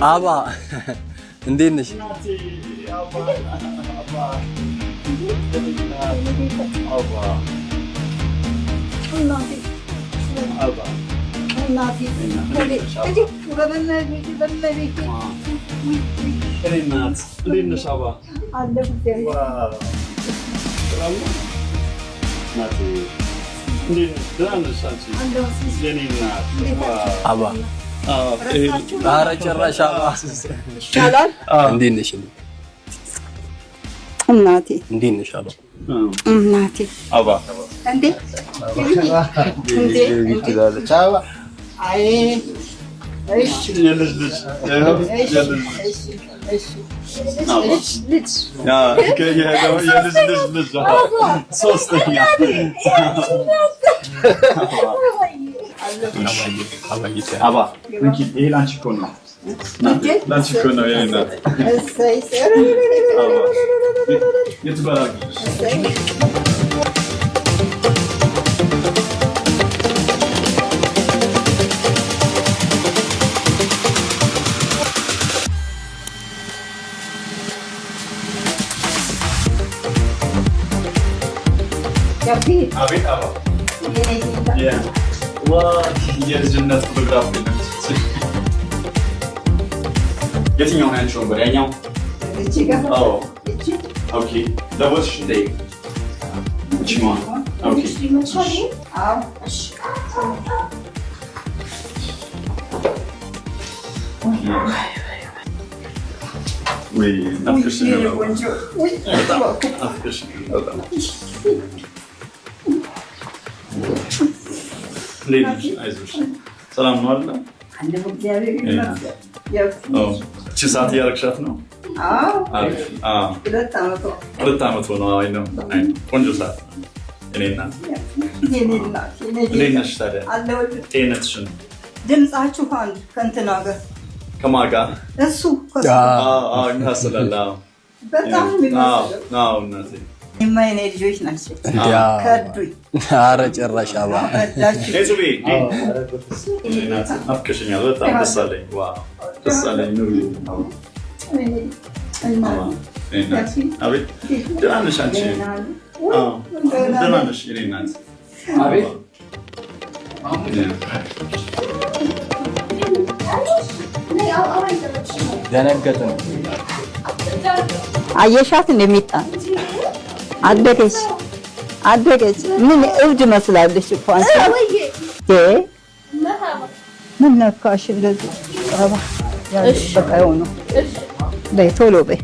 Aber, in denen nicht. Aber. ኧረ ጭራሽ ይሻላል። እንዴት ነሽ? እናቴ እንዴት ነሽ? አባ እናቴ አባ እንዴት እንዴት አይ እሺ ልጅ Aber prinkipiye Lanchikono. Lanchikono yayınlar. Ama YouTube arkadaşlar. David. David aber. Yeah. የልጅነት ፎቶግራፍ የትኛው ናቸው ነበር ያኛው? ለቦትሽ እንደ ሰላም ነው አለ እቺ ሰዓት እያረግሻት ነው። ሁለት ዓመት ሆነ። ቆንጆ ሰዓት እኔና እንዴት ነሽ ታዲያ? ጤነትሽን ድምፃችሁ አንድ ከእንትና ጋር ከማን ጋር እሱ ይመስላል በጣም እኔማ የኔ ልጆች ናቸው ከዱኝ። ኧረ ጭራሽ አባ ናፍቀሽኛል። በጣም ደስ አለኝ፣ ደስ አለኝ። ደህና ነሽ አንቺ? ደህና ነሽ የኔ እናት? ደነገጥን። አየሻት እንደሚጣ አደገች አደገች። ምን እብድ መስላለች እኮ አንቺ። ምን ነካሽ? እንደዚህ በይ ቶሎ በይ።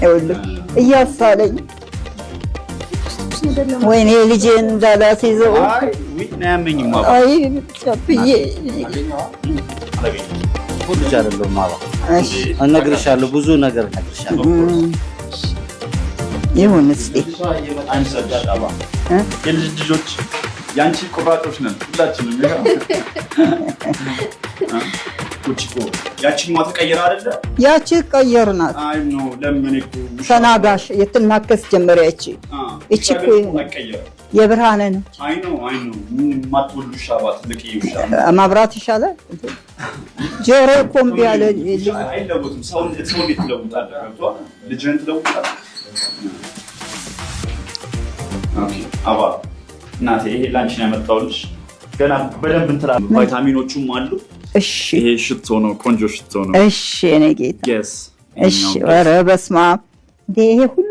ይኸውልህ እያሳለኝ ወይኔ ልጄን እንዳላስይዘው మ్యామింగ్ మావ అయి చెప్పి ጃርሎ ማዋ እነግርሻለሁ፣ ብዙ ነገር እነግርሻለሁ። ይሁን እስኪ የልጅ ልጆች የአንቺ ቁራጮች ነን ሁላችንም። ያቺማ ተቀየረ አይደለ? ያቺ ቀየር ናት። ተናጋሽ የትናከስ ጀመሪያች እቺ እኮ የብርሃነ ነው። ማብራት ይሻላል። ጆሮ እኮ እምቢ አለ። እናቴ ይሄ ላንቺ ያመጣሁልሽ። ገና በደንብ እንትላ ቫይታሚኖቹም አሉ። እሺ ይሄ ሽቶ ነው፣ ቆንጆ ሽቶ ነው። እሺ እኔ ጌታ እሺ። ኧረ በስመ አብ ይሄ ሁሉ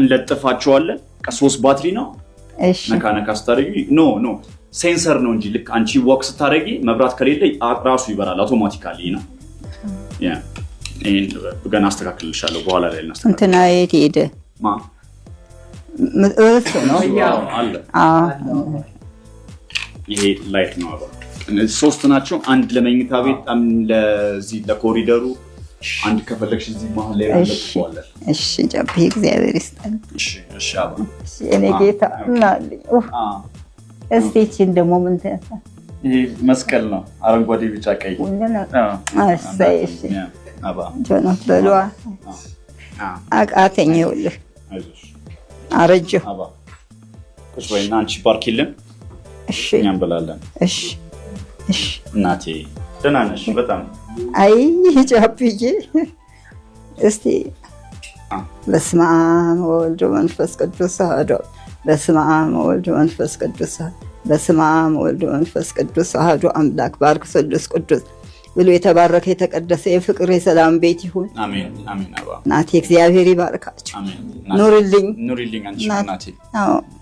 እንለጥፋቸዋለን። ከሶስት ባትሪ ነው። ነካ ነካ ስታደርጊ ኖ ኖ ሴንሰር ነው እንጂ ልክ አንቺ ወክ ስታደረጊ መብራት ከሌለ ራሱ ይበራል አውቶማቲካሊ ነው። ገና አስተካክልልሻለሁ በኋላ ላይ እንትና የት ሄደ? ይሄ ላይት ነው። ሶስት ናቸው። አንድ ለመኝታ ቤት ለዚህ ለኮሪደሩ አንድ ከፈለግሽ እዚህ መሀል ላይ ያለዋለን። እሺ ጨቤ እግዚአብሔር ይስጠን። እኔ ጌታ ምናልኝ። እስቲ ይህቺን ደግሞ ምን ትያለሽ? ይህ መስቀል ነው፣ አረንጓዴ፣ ቢጫ፣ ቀይ ጆኖት በሏ። አቃተኝ፣ ይኸውልህ አረጀሁ። ቁጭ በይና አንቺ ባርኪልን፣ እኛም እንበላለን። እናቴ ደህና ነሽ በጣም አይ ጫብዬ እስቲ በስመ አብ ወወልድ መንፈስ ቅዱስ አሐዱ በስመ አብ ወወልድ መንፈስ ቅዱስ በስመ አብ ወወልድ መንፈስ ቅዱስ አሐዱ አምላክ ባርክ ስሉስ ቅዱስ ብሎ የተባረከ የተቀደሰ የፍቅር የሰላም ቤት ይሁን። ናቴ እግዚአብሔር ይባርካቸው። ኑሪልኝ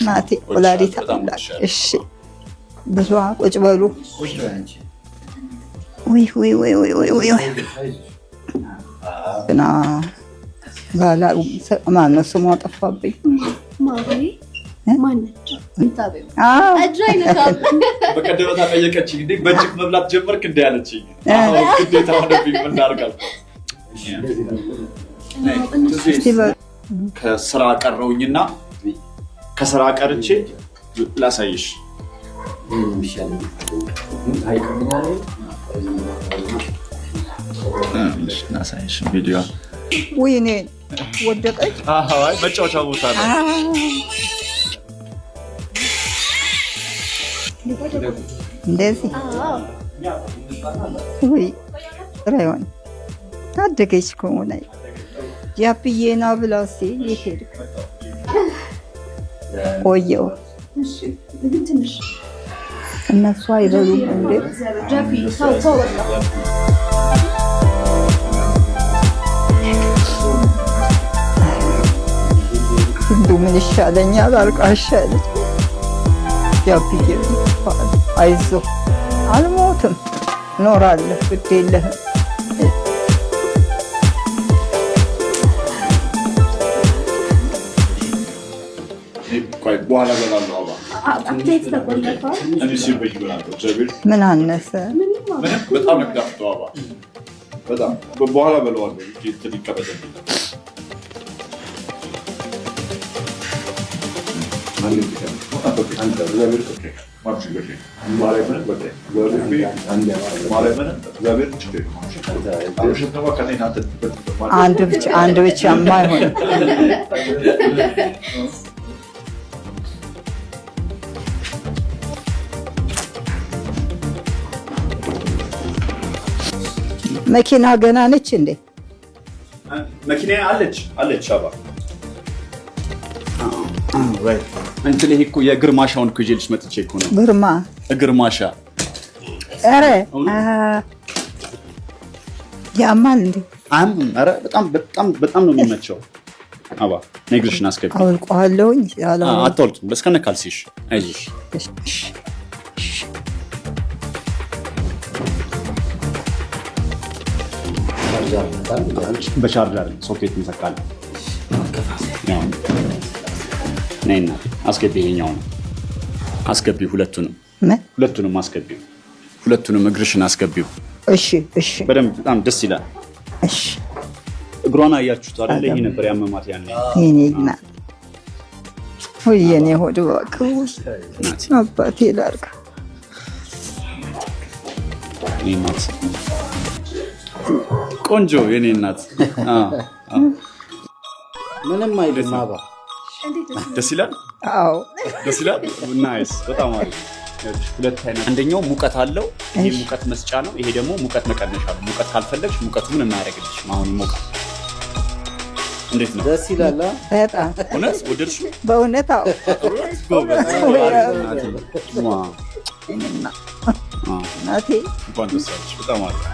ናቴ ወላዲተ አምላክ። እሺ ብዙ ቁጭ በሉ። ግና ማነው ስሟ ጠፋብኝ። በቀደመታ ጠየቀችኝ እንዴ በእጅግ መብላት ጀመርክ እንደ ያለችኝ ግዴታ ሆነብኝ። ምን ላድርጋለሁ? ከስራ ቀረውኝና ከስራ ቀርቼ ላሳይሽ ናሳይሽ ቪዲዮ ወይኔ ወደቀች። መጫወቻ ቦታ ነው። እንደዚህ ወይ ራይዋን ታደገች ከሆነ ያብዬ ና ብላ ሴ ይሄድ ቆየው እነሱ አይበሉም እንዴ? እንዱ ምን ይሻለኛል አልኩ። አይሻለኝ ያብዬ አይዞህ አልሞትም፣ እኖራለሁ፣ ግድ የለህም በኋላ ምን አነሰ? በጣም በጣም በኋላ በለዋለሁ አንድ ብቻ አንድ ብቻ የማይሆን መኪና ገና ነች እንዴ? መኪና አለች አለች። አባ እንትን ይሄ እኮ የግርማሻውን እኮ ይዤልሽ መጥቼ እኮ ነው። ግርማ ግርማሻ። ኧረ ያማል እንዴ? አያምም። ኧረ በጣም በጣም በጣም ነው የሚመቸው። አባ ነግርሽና አስገቢ። አውልቀዋለሁኝ። አታውልቂም። በስከነ ካልሲሽ አይዞሽ በቻርጀር ሶኬት እንሰካለን። ነይና አስገቢ። ይሄኛው ነው አስገቢ። ሁለቱንም ሁለቱንም አስገቢ። ሁለቱንም እግርሽን አስገቢው። እሺ፣ እሺ። በደንብ በጣም ደስ ይላል። እሺ፣ እግሯን አያችሁት አይደለ? ይሄ ነበር ያመማት ያለ ይሄኔ ሆድ እባክህ አባቴ ላርግ ይሄ ቆንጆ የኔ እናት ምንም አይልም። አባ ደስ ይላል፣ ደስ ይላል። ናይስ፣ በጣም አሪፍ። ሁለት አይነት አንደኛው ሙቀት አለው። ይሄ ሙቀት መስጫ ነው። ይሄ ደግሞ ሙቀት መቀነሻ ነው። ሙቀት ካልፈለግሽ ሙቀቱን እናያደርግልሽ። አሁን ይሞቃል። እንዴት ነው? ደስ ይላል። በጣም እውነት ወደድሽ? በእውነት አዎ። እናቴ እንኳን ደስ በጣም አሪፍ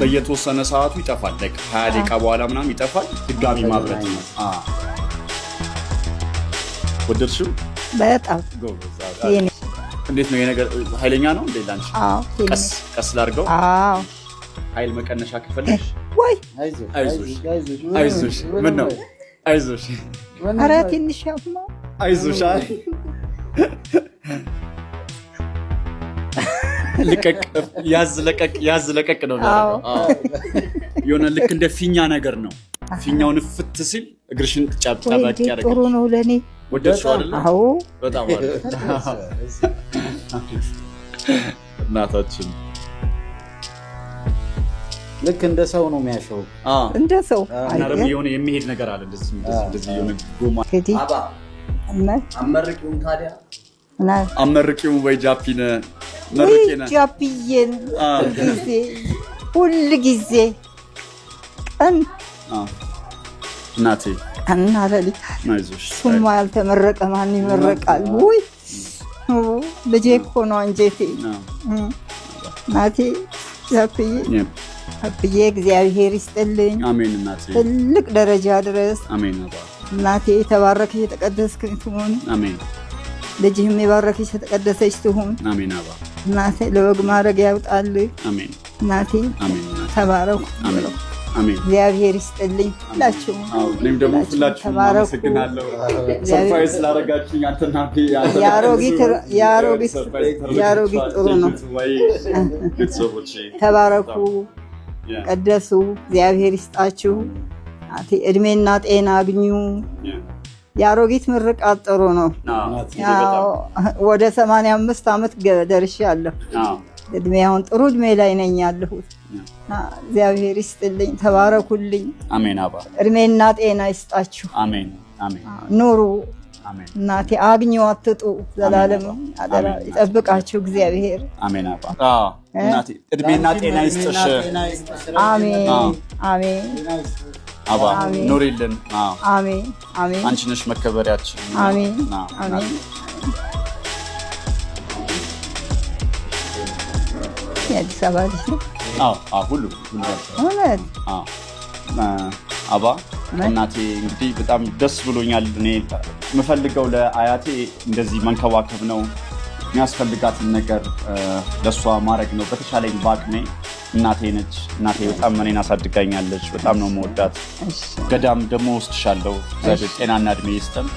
በየተወሰነ ሰዓቱ ይጠፋል። ሀያ ደቂቃ በኋላ ምናምን ይጠፋል። ድጋሚ ማብረት ነው። ወደድሽው? በጣም እንዴት ነው የነገር ኃይለኛ ነው እንዴ? ላንቺ ቀስ ቀስ ላድርገው። ኃይል መቀነሻ ከፈለሽ ወይ አይዞሽ። ምን ነው አይዞሽ? ኧረ ትንሽ ያማ አይዞሽ ያዝ ለቀቅ ያዝ ለቀቅ ነው። የሆነ ልክ እንደ ፊኛ ነገር ነው። ፊኛውን ፍት ሲል እግርሽን ጫብጫ ጥሩ ነው ለእኔ ወደድሽው በጣም እናታችን ልክ እንደ ሰው ነው የሚያሸው፣ እንደ ሰው የሆነ የሚሄድ ነገር አለ። እንደዚህ ጎማ አመርቂውን ታዲያ አመርቂው ወይ ጃፒነ መርቂነ ጊዜ ሁል ጊዜ ቀን እናቴ እና ለሊት ያልተመረቀ ማን ይመረቃል? ውይ ልጄ እኮ ነው አንጀቴ እናቴ ጃፒዬ አብዬ እግዚአብሔር ይስጥልኝ። ትልቅ ደረጃ ድረስ አሜን እናቴ የተባረከ የተቀደስክ ትሆን አሜን። ልጅህም የባረከች የተቀደሰች ትሁን። አሜን። አባ እናቴ ለወግ ማድረግ ያውጣል። አሜን። እናቴ ተባረኩ። አሜን። እግዚአብሔር ይስጥልኝ። ሁላችሁም እኔም ደግሞ ሁላችሁም አመሰግናለሁ። ሰርፕራይዝ ስላደረጋችሁኝ አንተና የአሮጊት ጥሩ ነው። ቤተሰቦች ተባረኩ፣ ቀደሱ። እግዚአብሔር ይስጣችሁ። እድሜና ጤና አግኙ። የአሮጊት ምርቃት ጥሩ ነው። ወደ 85 ዓመት ደርሻለሁ። እድሜ አሁን ጥሩ እድሜ ላይ ነኝ ያለሁት። እግዚአብሔር ይስጥልኝ፣ ተባረኩልኝ። አሜን። አባ እድሜና ጤና ይስጣችሁ። ኑሩ እናቴ፣ አግኙ፣ አትጡ። ዘላለም ይጠብቃችሁ እግዚአብሔር። እድሜና ጤና ይስጥሽ። አሜን፣ አሜን። አባ ኑሪልን። አሜን አንቺ ነሽ መከበሪያችን። የአዲስ አበባ ልጅ ነው። አባ እናቴ እንግዲህ በጣም ደስ ብሎኛል። እኔ የምፈልገው ለአያቴ እንደዚህ መንከባከብ ነው የሚያስፈልጋትን ነገር ለእሷ ማድረግ ነው በተቻለኝ በአቅሜ እናቴ ነች። እናቴ በጣም መኔን አሳድጋኛለች። በጣም ነው መወዳት። ገዳም ደግሞ ወስድሻለሁ። እግዚአብሔር ጤናና እድሜ ይስጠን።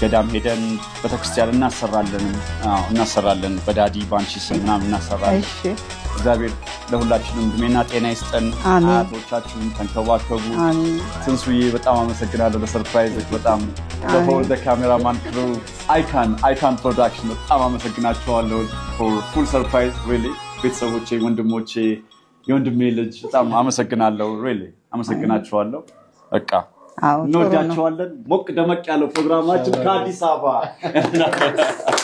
ገዳም ሄደን ቤተክርስቲያን እናሰራለን እናሰራለን በዳዲ ባንቺ ስም ምናምን እናሰራለን። እግዚአብሔር ለሁላችንም ድሜና ጤና ይስጠን። አያቶቻችሁን ተንከባከቡ። ትንሱዬ በጣም አመሰግናለሁ ለሰርፕራይዞች። በጣም ለፎር ካሜራማን ክሩ አይካን አይካን ፕሮዳክሽን በጣም አመሰግናቸዋለሁ ፉል ሰርፕራይዝ ሪሊ ቤተሰቦቼ፣ ወንድሞቼ፣ የወንድሜ ልጅ በጣም አመሰግናለሁ። ሬሌ አመሰግናችኋለሁ። በቃ እንወዳችኋለን። ሞቅ ደመቅ ያለው ፕሮግራማችን ከአዲስ አበባ